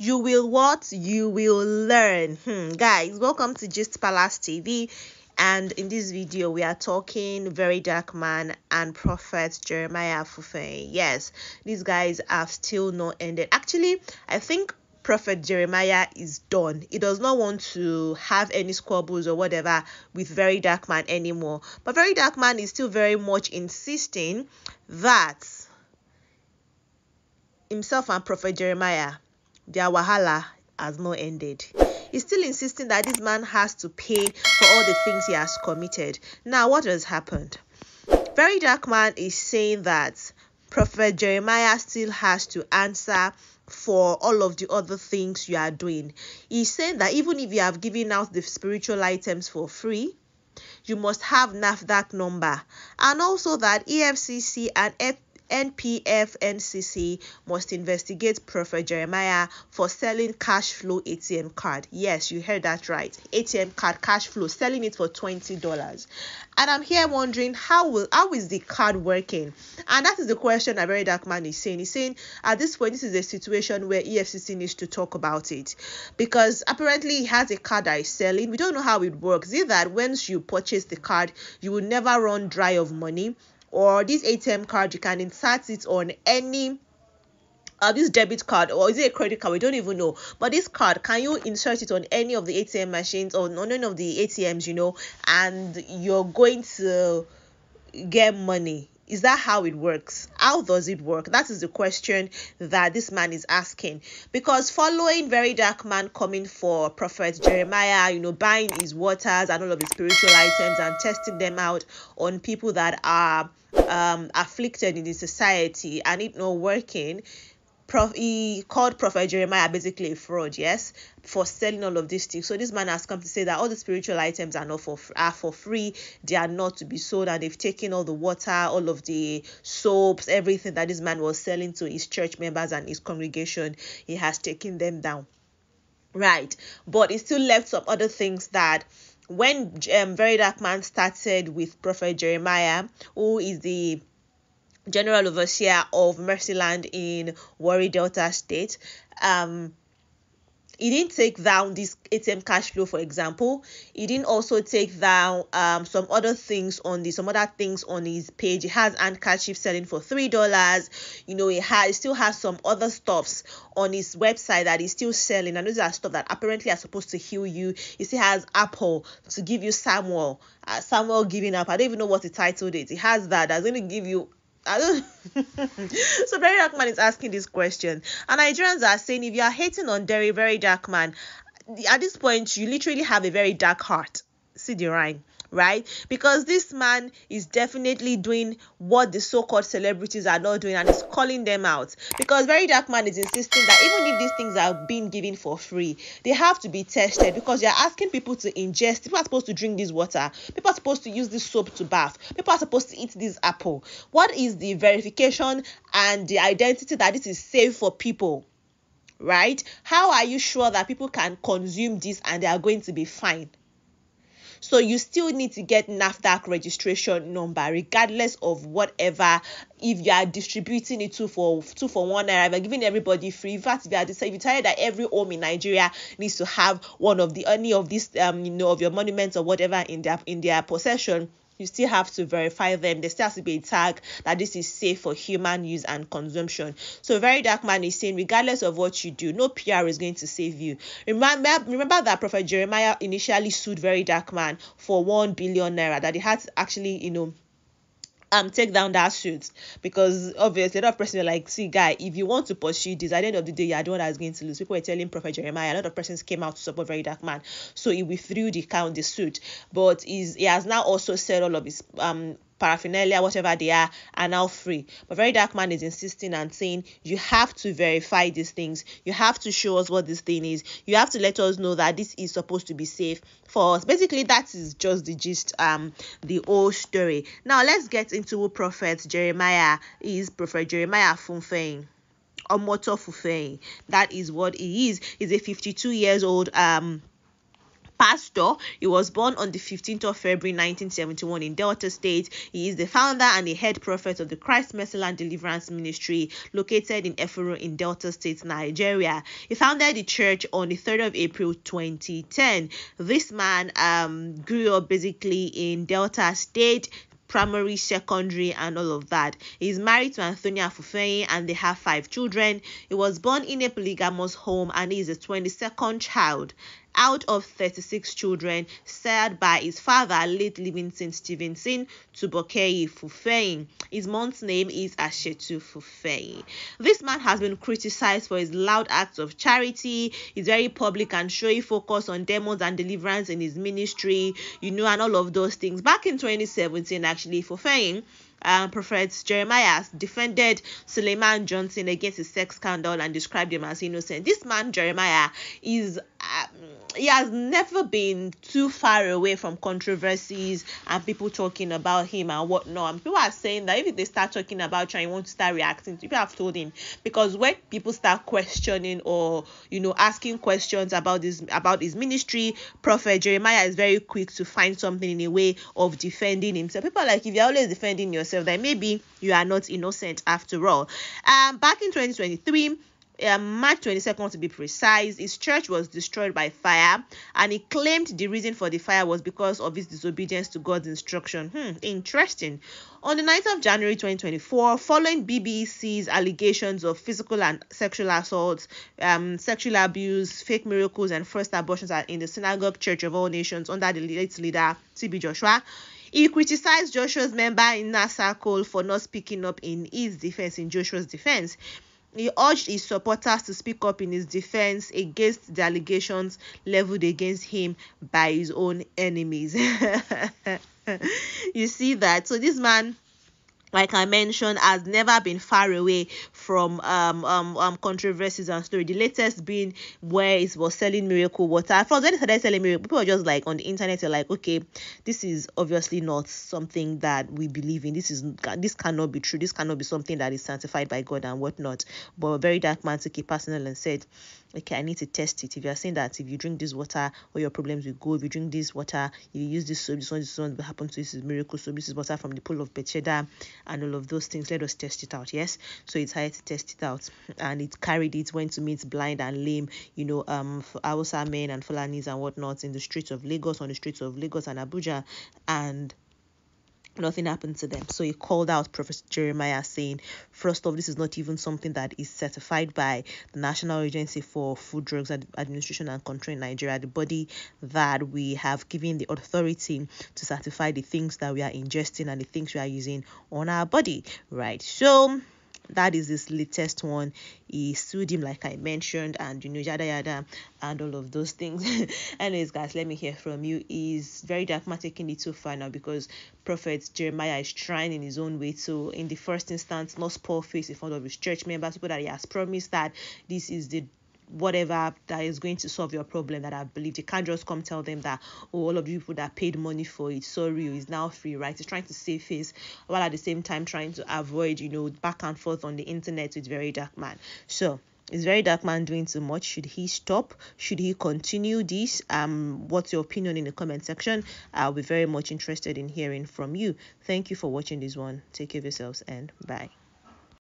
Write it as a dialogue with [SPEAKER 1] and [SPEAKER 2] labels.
[SPEAKER 1] you will what? You will learn. Hmm. Guys, welcome to Just Palace TV. And in this video, we are talking Very Dark Man and Prophet Jeremiah Fufeng. Yes, these guys are still not ended. Actually, I think prophet Jeremiah is done. He does not want to have any squabbles or whatever with Very Dark Man anymore. But Very Dark Man is still very much insisting that himself and prophet Jeremiah their wahala has not ended. He's still insisting that this man has to pay for all the things he has committed. Now, what has happened? Very Dark Man is saying that Prophet Jeremiah still has to answer for all of the other things you are doing. He's saying that even if you have given out the spiritual items for free, you must have NAFDAC number, and also that EFCC and NCC must investigate Prophet Jeremiah for selling cash flow ATM card. Yes, you heard that right. ATM card cash flow, selling it for $20. And I'm here wondering how will how is the card working? And that is the question very dark man is saying. He's saying at this point, this is a situation where EFCC needs to talk about it because apparently he has a card that is selling. We don't know how it works. Is that once you purchase the card, you will never run dry of money or this ATM card, you can insert it on any uh, this debit card or is it a credit card? We don't even know. But this card, can you insert it on any of the ATM machines or on any of the ATMs, you know, and you're going to get money is that how it works? How does it work? That is the question that this man is asking. Because following very dark man coming for Prophet Jeremiah, you know, buying his waters and all of his spiritual items and testing them out on people that are um, afflicted in the society and it not working, Prof, he called Prophet Jeremiah basically a fraud, yes, for selling all of these things. So this man has come to say that all the spiritual items are not for are for free. They are not to be sold, and they've taken all the water, all of the soaps, everything that this man was selling to his church members and his congregation. He has taken them down, right? But he still left some other things that when um, Very Dark Man started with Prophet Jeremiah, who is the general overseer of Mercyland in Warri Delta State. Um, he didn't take down this ATM cash flow, for example. He didn't also take down um, some other things on the some other things on his page. He has handkerchief selling for three dollars. You know, he has still has some other stuffs on his website that he's still selling. And those are stuff that apparently are supposed to heal you. He still has Apple to give you Samuel. Uh, Samuel giving up. I don't even know what he titled it. He has that. That's going to give you so very dark man is asking this question, and Nigerians are saying if you are hating on Derry dark man, at this point you literally have a very dark heart. See the rhyme right? Because this man is definitely doing what the so called celebrities are not doing and is calling them out. Because Very Dark Man is insisting that even if these things are being given for free, they have to be tested because you're asking people to ingest. People are supposed to drink this water, people are supposed to use this soap to bath, people are supposed to eat this apple. What is the verification and the identity that this is safe for people? right? How are you sure that people can consume this and they are going to be fine? So you still need to get NAFDAC registration number, regardless of whatever. If you are distributing it two for two for one naira, we giving everybody free VAT. If you are decided that every home in Nigeria needs to have one of the any of these um you know of your monuments or whatever in their in their possession you still have to verify them. There still has to be a tag that this is safe for human use and consumption. So Very Dark Man is saying, regardless of what you do, no PR is going to save you. Remember, remember that Prophet Jeremiah initially sued Very Dark Man for one billion naira that he had to actually, you know um take down that suit because obviously a lot of person were like see guy if you want to pursue this at the end of the day you're the one that's going to lose people were telling prophet jeremiah a lot of persons came out to support very dark man so he withdrew the count the suit but he's, he has now also said all of his um paraphernalia, whatever they are, are now free. But Very Dark Man is insisting and saying, you have to verify these things. You have to show us what this thing is. You have to let us know that this is supposed to be safe for us. Basically, that is just the gist, um, the whole story. Now, let's get into who Prophet Jeremiah is, Prophet Jeremiah Funfeng. Omoto Fufeng. That is what he is. He's a 52 years old um pastor. He was born on the 15th of February 1971 in Delta State. He is the founder and the head prophet of the Christ Mercyland Deliverance Ministry located in Efuru in Delta State, Nigeria. He founded the church on the 3rd of April 2010. This man um, grew up basically in Delta State, primary, secondary, and all of that. He is married to Anthony Fufeyin and they have five children. He was born in a polygamous home and he is the 22nd child out of 36 children sired by his father, late Livingston Stevenson Tubokei Fufeyin. His mom's name is Ashetu Fufeyin. This man has been criticized for his loud acts of charity, He's very public and showy focus on demons and deliverance in his ministry, you know, and all of those things. Back in 2017, actually, Fufeyin um, Prophet Jeremiah defended Suleiman Johnson against his sex scandal and described him as innocent. This man, Jeremiah, is um, he has never been too far away from controversies and people talking about him and whatnot. And people are saying that if they start talking about you and you want to start reacting, people have told him because when people start questioning or you know asking questions about this about his ministry, Prophet Jeremiah is very quick to find something in a way of defending himself. People are like if you're always defending yourself yourself that maybe you are not innocent after all. Um, back in 2023, um, March 22nd to be precise, his church was destroyed by fire, and he claimed the reason for the fire was because of his disobedience to God's instruction. Hmm, interesting. On the 9th of January 2024, following BBC's allegations of physical and sexual assaults, um, sexual abuse, fake miracles, and forced abortions in the synagogue church of all nations under the late leader TB Joshua, he criticized Joshua's member in that Cole for not speaking up in his defense, in Joshua's defense. He urged his supporters to speak up in his defense against the allegations leveled against him by his own enemies. you see that? So this man like I mentioned, has never been far away from um, um, um controversies and story. The latest being where it was selling miracle water. For when it started selling miracle, people are just like on the internet. You're like, okay, this is obviously not something that we believe in. This is this cannot be true. This cannot be something that is sanctified by God and whatnot. But a very dark man took it personal and said, okay, I need to test it. If you are saying that if you drink this water, all your problems will go. If you drink this water, you use this soap, this one, this one will happen to you. This is miracle soap. This is water from the pool of Bethesda and all of those things. Let us test it out. Yes. So it's had to test it out. And it carried it, went to meet blind and lame, you know, um our men and Fulanis and whatnot in the streets of Lagos, on the streets of Lagos and Abuja. And nothing happened to them. So he called out Professor Jeremiah, saying, First off, this is not even something that is certified by the National Agency for Food, Drugs, Ad- Administration and Control in Nigeria, the body that we have given the authority to certify the things that we are ingesting and the things we are using on our body, right? So, that is his latest one. He sued him, like I mentioned, and you know, yada yada, and all of those things. Anyways, guys, let me hear from you. He's very dogmatic in it so far now because Prophet Jeremiah is trying in his own way to, in the first instance, not spoil face in front of his church members, people that he has promised that this is the whatever that is going to solve your problem that I believe You can't just come tell them that oh, all of you people that paid money for it, sorry, oh, is now free, right? It's trying to save face while at the same time trying to avoid, you know, back and forth on the internet with very dark man. So is very dark man doing too much should he stop should he continue this um what's your opinion in the comment section i'll be very much interested in hearing from you thank you for watching this one take care of yourselves and bye